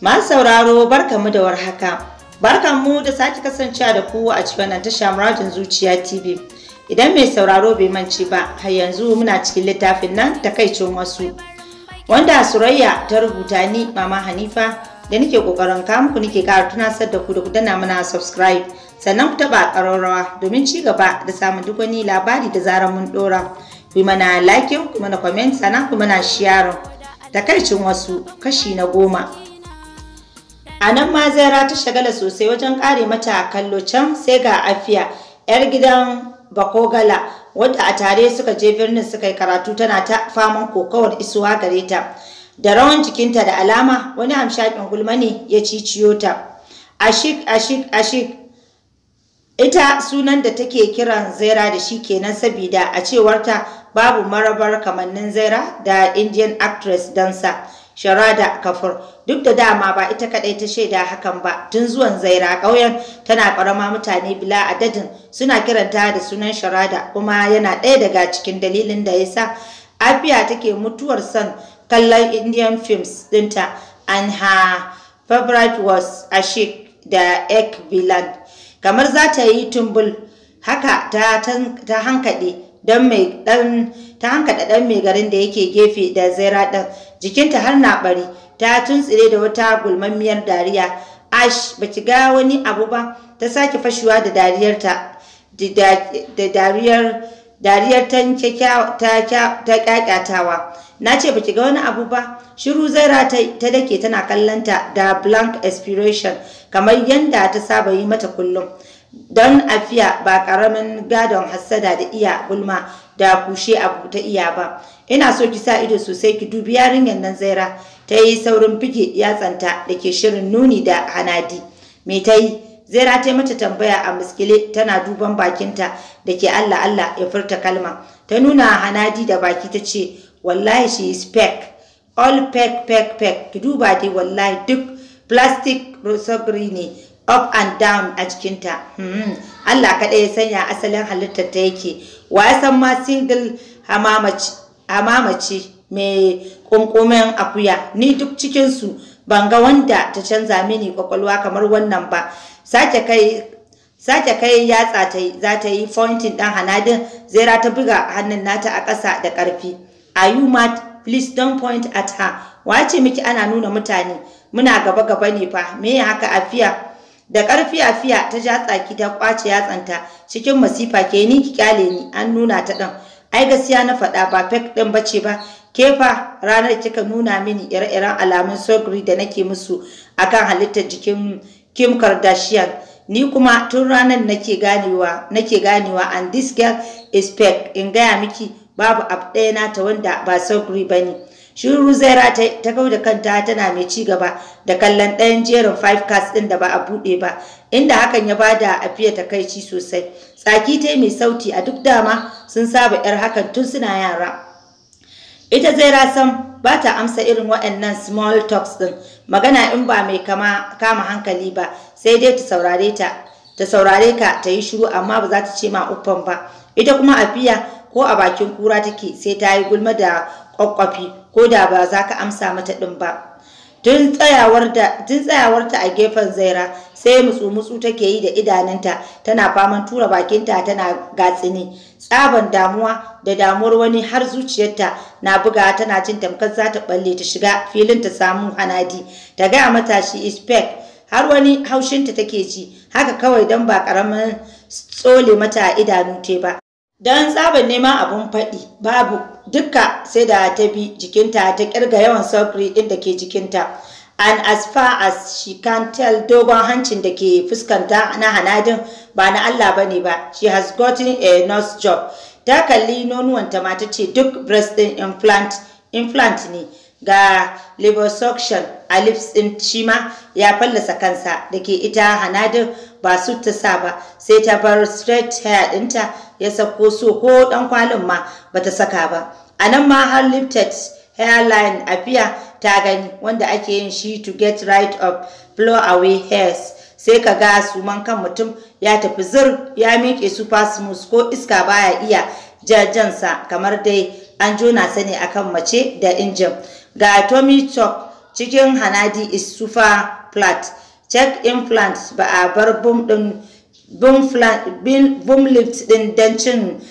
Masu sauraro barkanmu da warhaka. Barkanmu da sake kasancewa da ku a cikin wannan tasha muradin zuciya TV. Idan mai sauraro bai manci ba, har yanzu muna cikin littafin nan takaicin wasu. Wanda Surayya ta rubuta ni Mama Hanifa da nake kokarin kamu ku nake ƙara tunasar da ku da ku dana mana subscribe sannan ku taba ƙararrawa domin ci gaba da samun duk wani labari da zarar mun dora. Ku mana like, ku mana comment, sannan ku mana sharing. Takaicin wasu kashi na goma. A nan ma zaira ta shagala sosai wajen kare mata kallo can sai ga afiya 'yar gidan bakogala wadda a tare suka je birnin suka yi karatu tana ta faman kokawar isuwa gare ta. Da rawan jikinta da alama wani hamshakin gulma ne ya ciciyo ta. Ashik, ashik, ashik, ita sunan da take kiran zaira da shi kenan sabida a cewarta babu marabar kamannin zaira da indian actress dansa Sharada Kafur duk da dama ba ita kadai ta shaida hakan ba tun zuwan Zaira ƙauyen tana karama mutane bila adadin suna kiranta da sunan Sharada kuma yana ɗaya daga cikin dalilin da yasa Afiya take mutuwar son kallon Indian films dinta and her favorite was Ashik da Ek kamar za ta yi tumbul haka ta, ta hankaɗe don mai dan ta hankaɗa ɗan mai garin da yake gefe da zaira ɗan jikinta har na ɓari ta tuntsire da wata gulmammiyar dariya ash baki ga wani abu ba ta saki fashewa da dariyar ta da dariyar dariyar ta kyakatawa na ce baki ga wani abu ba shiru zaira ta dake tana kallanta da blank expiration kamar yadda ta saba yi mata kullum don afiya ba karamin gadon hassada da iya gulma da kushe abu ta iya ba ina so ki sa ido sosai ki dubi yarinyar nan zaira ta yi saurin fige yatsanta da ke shirin nuni da hanadi me ta yi zaira ta mata tambaya a muskile tana duban bakinta da ke allah allah ya furta kalma ta nuna hanadi da baki ta ce wallahi shi is all pek pek pek ki duba dai wallahi duk plastic rosogri ne up and down a jikinta hmm. Allah kaɗai ya sanya asalin halittar ta yake wa ya san ma single hamamaci mai ƙunƙumin akuya ni duk cikinsu ban ga wanda ta canza mini kwakwalwa kamar wannan ba sake kai sake kai yatsa ta za ta yi pointing ɗan hanadin zaira ta buga hannun nata a ƙasa da ƙarfi are you mad please don't point at her wace miki ana nuna mutane muna gaba gaba ne fa me haka afiya da ƙarfi a fiya ta ja tsaki ta kwace yatsanta cikin masifa ke ni ki kyale ni an nuna ta ɗan ai gaskiya na faɗa ba fek ɗin bace ba kefa ranar kika nuna mini ire-iren alamun sogri da nake musu akan halittar jikin Kim Kardashian ni kuma tun ranar nake ganewa nake ganewa and this girl is fake in gaya miki babu abu ɗaya nata wanda ba sogri bane shiru zaira ta kau da kanta tana mai ci gaba da kallon ɗayan jerin five cards ɗin da ba a buɗe ba inda hakan ya ba bada afiya takaici sosai tsaki ta mai sauti a duk dama sun saba yar hakan tun suna yara ita zaira sam ba ta amsa irin waɗannan small talks ɗin magana in ba mai kama hankali ba sai dai ta saurare ta ta saurare ka ta yi shiru amma ba za ta ce ma uffan ba ita kuma a fiya ko a bakin kura take sai ta yi gulma da kwakwafi ko da ba za ka amsa mata ɗin ba tun tsayawarta a gefen zaira sai mutsu-mutsu take yi da idanunta tana faman tura bakinta tana gatsini tsaban damuwa da damuwar wani har zuciyarta na buga tana jin tamkar za ta balle ta shiga filin ta samu hanadi ta gaya matashi ispek har wani haushinta take ji haka kawai don ba karamin tsole mata idanu te ba don tsaban neman abin faɗi babu duka sai da ta bi jikinta ta kirga yawan sufuri ɗin da ke jikinta and as far as she can tell dogon hancin da ke fuskanta na hanadin ba na Allah ba ne ba she has gotten a nurse job ta kalli nonuwanta ma ta ce duk breast implant ne ga liposuction alif ɗin shi ma ya fallasa kansa da ke ita hanadin ba su ta sa ba sai ta bar straight hair ɗinta ya sako so ko ɗan kwalin ma ba ta saka ba a nan ma har lifted hairline afiya ta gani wanda ake yin shi to get right of blow away hairs sai ka ga suman kan mutum ya tafi zir ya miƙe su smooth ko iska baya iya jajansa kamar dai an jona sani akan mace da injin ga tommy chop cikin Hanadi is super flat. Check implant ba a bar boom din boom lift din don cin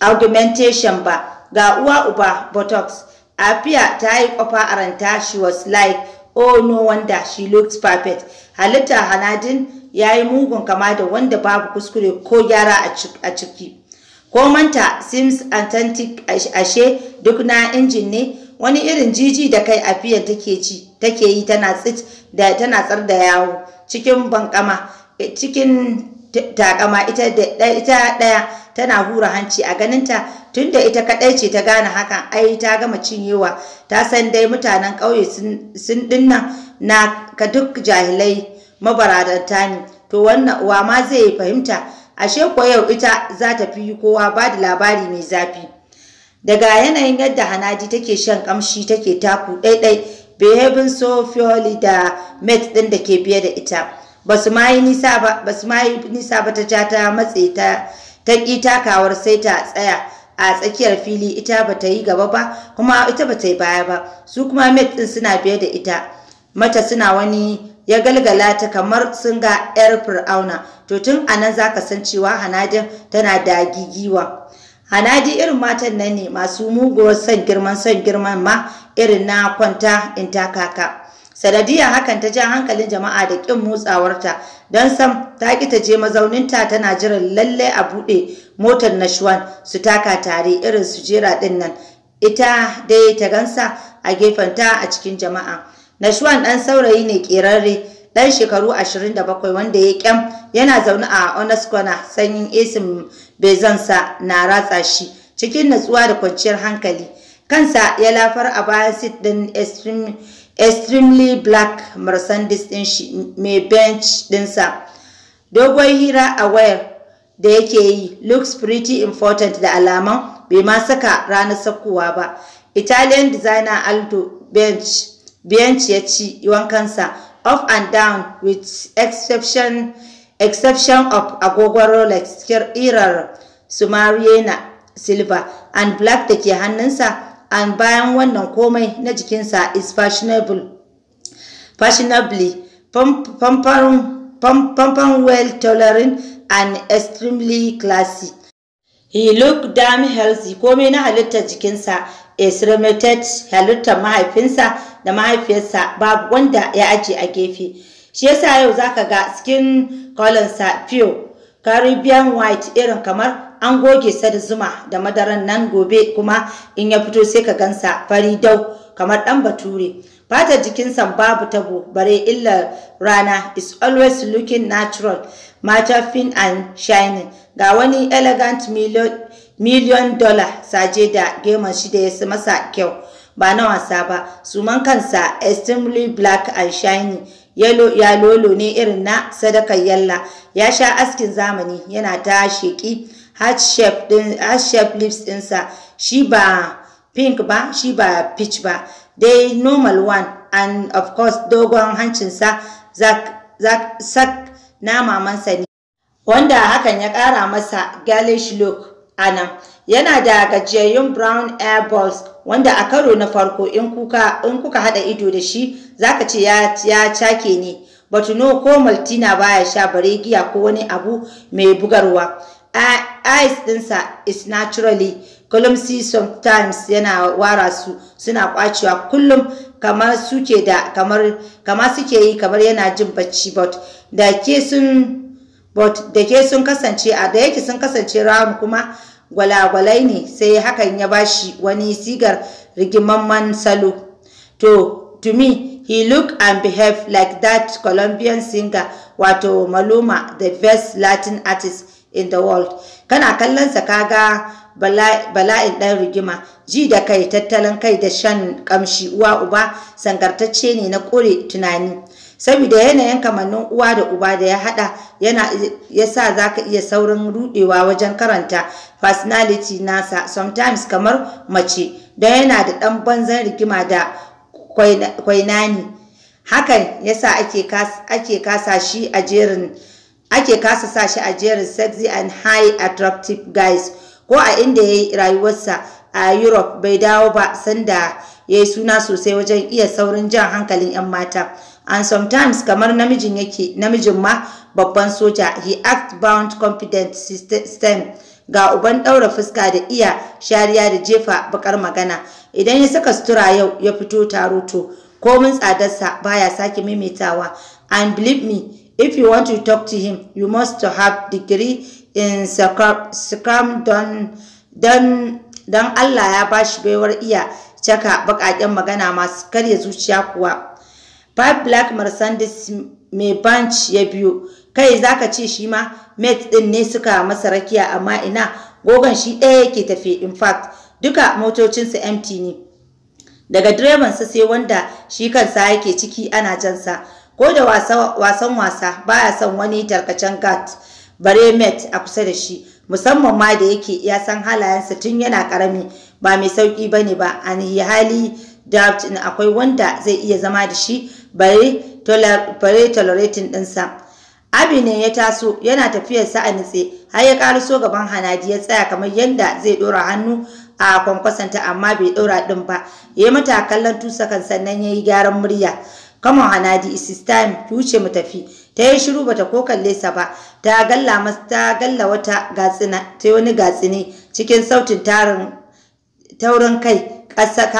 augmentation ba. Ga uwa uba botox. Afia ta yi kofa a ranta she was like oh no wonder she looked perfect. Halitta Hanadin ya yi mugun kama da wanda babu kuskure ko gyara a ciki. manta Sims Atlantic ashe duk na injin ne wani irin jiji da kai afiyar take ci take yi tana tsit da tana tsar da yawo cikin bankama eh, cikin takama ita ita daya tana hura hanci a ganinta tunda ita kadai ce ta gane haka ai ta gama cinyewa ta san dai mutanen ƙauye sun dinna na ka duk jahilai mabaradanta ne to wannan uwa ma zai fahimta ashe ko yau ita za ta fi kowa ba da labari mai zafi daga yanayin yadda hanaji take shan kamshi take taku ɗaiɗai behavin so fioli da met ɗin da ke biye da ita ba su ma yi nisa ba ta ja ta matse ta ta ƙi takawar sai ta tsaya a tsakiyar fili ita ba ta yi gaba ba kuma ita ba ta yi baya ba su kuma met ɗin suna biye da ita mata suna wani ya galgala ta kamar sun ga 'yar fir'auna to tun a nan za ka san cewa hanajin tana da gigiwa Hanaji irin matan nan ne masu muguwar san girman san girman ma irin na kwanta in takaka. kaka. Sanadiyar hakan ta ja hankalin jama'a da kin motsawarta don sam ta ki ta je mazauninta tana jiran lallai a buɗe motar Nashwan su taka tare irin su jera din nan. Ita dai ta gansa a gefenta a cikin jama'a. Nashwan ɗan saurayi ne ƙerarre dan shekaru 27 wanda ya kyam yana zaune a honest corner sanyin esin bezansa na ratsa shi cikin natsuwa da kwanciyar hankali kansa ya lafar a bayan sit din extremely black mercedes din shi mai bench dinsa dogon hira a wayar da yake yi looks pretty important da alaman bai ma saka ranar sakkowa ba italian designer aldo bench bench ya ci wankansa up and down with exception exception of agogo Rolex kirar Sumariana Silver and Black da ke hannunsa and bayan wannan komai na jikinsa is fashionable fashionably pampan well tolerant and extremely classy he look damn healthy komai na halittar jikinsa esremated halittar mahaifinsa da mahaifiyarsa babu wanda ya aje a gefe shi yasa yau zaka ga skin sa pure caribbean white irin kamar an goge sa da zuma da madaran nan gobe kuma in ya fito sai ka gansa fari dau kamar dan bature fatar jikinsa babu tabo bare illar rana is always looking natural matter fin and shining ga wani elegant miliyon dola saje da geman shi da ya masa kyau ba na wasa ba suman kansa extremely black and shiny yalo ya lolo ne irin na sadakar yalla ya sha askin zamani yana ta sheki heart shape din heart shape lips dinsa shi ba pink ba shi ba peach ba dai normal one and of course dogon hancinsa zak zak sak na mamansa ne wanda hakan ya kara masa galish look a yana da gajiyayyun brown air balls wanda a karo na farko in kuka in hada ido da shi zaka ce ya ya cake ne batuno ko maltina baya sha bare giya ko wani abu mai bugarwa eyes dinsa is naturally column sometimes yana wara su suna kwacewa kullum kamar suke kamar kamar suke yi kamar yana jin bacci but da ke sun but da ke sun kasance a da yake sun kasance round kuma gwalagwalai ne sai hakan ya bashi wani sigar rigimamman salo to to me he look and behave like that colombian singer wato maluma the best latin artist in the world kana kallon sa kaga bala'in dan rigima ji da kai tattalin kai da shan kamshi uwa uba sangartacce ne na kore tunani saboda yanayin kamannin uwa da uba da ya hada yana ya sa za ka iya saurin rudewa wajen karanta personality nasa sometimes kamar mace don yana da ɗan banzan rigima da kwainani hakan ya sa ake kasa shi a jerin ake kasa sa shi a jerin sexy and high attractive guys ko a inda ya yi rayuwarsa a europe bai dawo ba sanda ya yi suna sosai wajen iya saurin jan hankalin 'yan mata and sometimes kamar namijin yake namijin ma babban soja he act bound confident system ga uban daura fuska da iya shariya da jefa bakar magana idan ya saka sutura yau ya fito taro to komin tsadarsa baya sake maimaitawa and believe me if you want to talk to him you must to have degree in scrum don don don Allah ya bashi baiwar iya caka bakaken magana masu karya zuciya kuwa five black mercedes mai bunch ya biyo kai zaka ce shi ma mate din ne suka masa rakiya amma ina gogon shi ɗaya yake tafe in fact duka motocinsu empty ne daga direban sa sai wanda shi kansa yake ciki ana jan sa. ko da wasan wasa baya son wani tarkacen gat bare met a kusa da shi musamman ma da yake ya san halayensa tun yana karami ba mai sauki bane ba an yi hali da akwai wanda zai iya zama da shi bare tolerating ɗinsa. Abi ne ya taso yana tafiyar sa a nitse har ya ƙaruso gaban Hanadi ya tsaya kamar yadda zai ɗora hannu a kwankwasanta amma bai ɗora ɗin ba. Ya mata kallon kan sannan ya yi gyaran murya. Kamar Hanadi is time ki wuce mu tafi. Ta yi shiru bata ko kalle sa ba. Ta galla masa galla wata gatsina ta wani gatsini cikin sautin tarin taurin kai ƙasar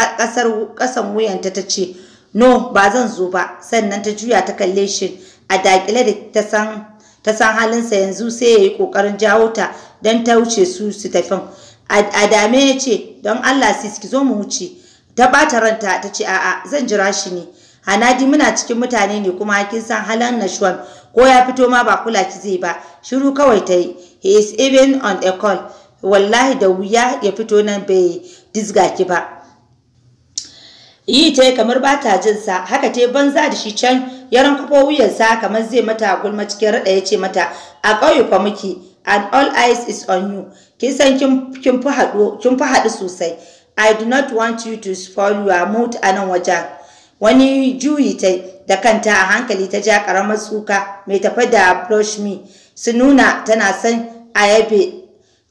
ƙasan wuyanta ta ce no ba zan zo ba sannan ta juya ta kalle shi a dakile da ta san ta san halinsa yanzu sai ya yi kokarin jawo ta don ta wuce su su tafin a ya ce don allah sis ki zo mu wuce ta ɓata ranta ta ce a'a zan jira shi ne hanadi muna cikin mutane ne kuma kin san halan nashwan ko ya fito ma ba kula ki zai ba shiru kawai ta yi he is even on a call wallahi da wuya ya fito nan bai disga ki ba yi ta kamar ba ta jin sa haka ta banza da shi can ya rankufo sa kamar zai mata gulma cikin raɗa ya mata a ƙauye fa muke and all eyes is on you kin san kin fi haɗu sosai i do not want you to spoil your mood anan nan wajen wani juyi ta da kanta a hankali ta ja karamar suka mai tafi da blush me su nuna tana son ayabe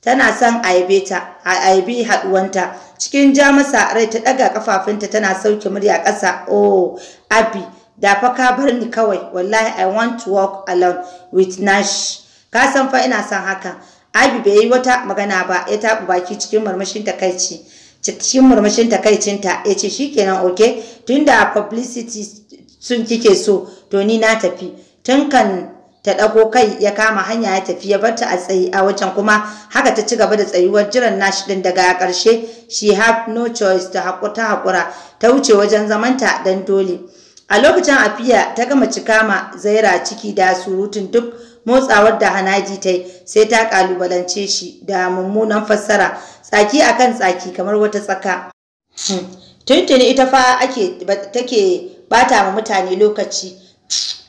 tana son ayabe ta ayabe haɗuwanta cikin ja rai ta ɗaga ƙafafunta tana sauke murya ƙasa oh abi da fa ka bar ni kawai wallahi i want to walk alone with nash ka san fa ina son haka. abi bai yi wata magana ba ya taɓa baki cikin murmushin takaici cikin murmushin takaicinta ya ce shikenan okay tunda publicity sun kike so to ni na tafi tun kan ta ɗago kai ya kama hanya ya tafi ya barta a tsayi a wajen kuma haka ta ci gaba da tsayuwar jiran nashi din daga karshe she have no choice ta haƙura ta wuce wajen zamanta dan dole a lokacin afiya ta gama cika ma zaira ciki da surutun duk motsawar da hanaji ta yi sai ta kalubalance shi da mummunan fassara tsaki akan tsaki kamar wata tsaka hmm. tuntuni ita fa ake take bata ma mutane lokaci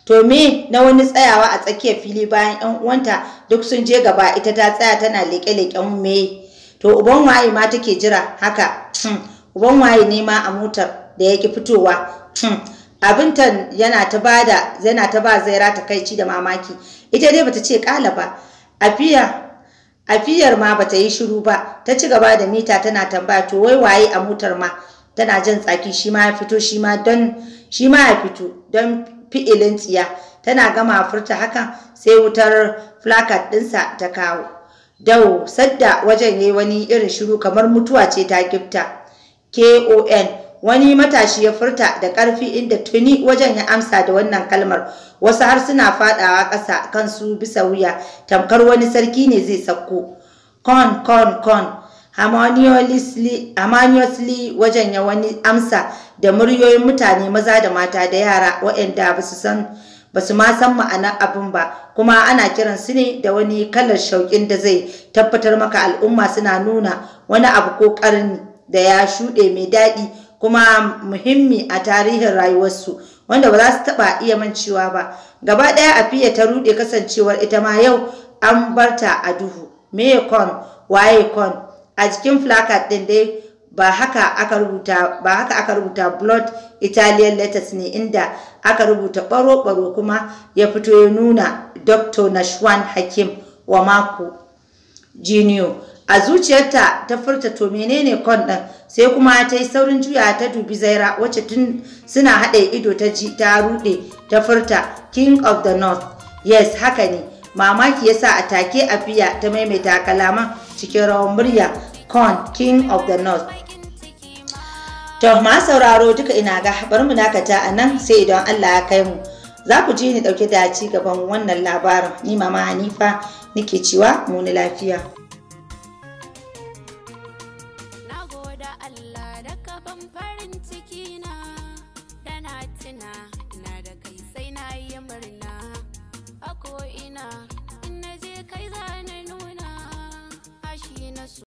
to me na wani tsayawa a tsakiyar fili bayan yan uwanta duk sun je gaba ita ta tsaya tana leƙe-leƙen me to uban waye ma take jira haka hmm, uban waye ne ma a motar da yake fitowa hmm, abintan yana ta bada yana ta ba zaira ta kaici da mamaki ita dai bata ce kala ba afiya afiyar ma bata yi shiru ba ta ci gaba da mita tana tambaya to wai waye a motar ma tana jin tsaki shi ma ya fito shi ma don shi ma ya fito don fi'ilin tsiya tana gama furta hakan sai wutar flakat ɗinsa ta kawo dau sadda wajen yayi wani irin shiru kamar mutuwa ce ta gifta kon wani matashi ya furta da ƙarfi inda tuni wajen ya amsa da wannan kalmar wasu har suna faɗawa ƙasa kansu bisa wuya tamkar wani sarki ne zai sauko. kon kon kon harmoniously wajen ya wani amsa da muryoyin mutane maza da mata da yara waɗanda ba su ma san ma'anar abin ba kuma ana kiran su ne da wani kalar shauƙin da zai tabbatar maka al'umma suna nuna wani abu ko ƙarni da ya shuɗe mai daɗi kuma muhimmi a tarihin rayuwarsu wanda ba za su taɓa iya mancewa ba gaba ɗaya a fiye ta ruɗe kasancewar ita ma yau an barta a duhu me kon waye kon a jikin placard ɗin dai ba haka aka rubuta ba blood italian letters ne inda aka rubuta baro baro kuma ya fito ya nuna dr nashwan hakim wa mako jiniyo a zuciyarta ta furta to menene kon din sai kuma ta yi saurin juya ta dubi zaira wacce tun suna haɗe ido ta ji ta ruɗe ta furta king of the north yes haka ne mamaki yasa a take a afiya ta maimaita kalaman cikin rawan murya Khan King of the North. To ma sauraro duka ina ga bari mu dakata a nan sai idan Allah ya kai mu. Za ku ji ni dauke da ci gaban wannan labarin ni mama Hanifa nake cewa mu ni lafiya.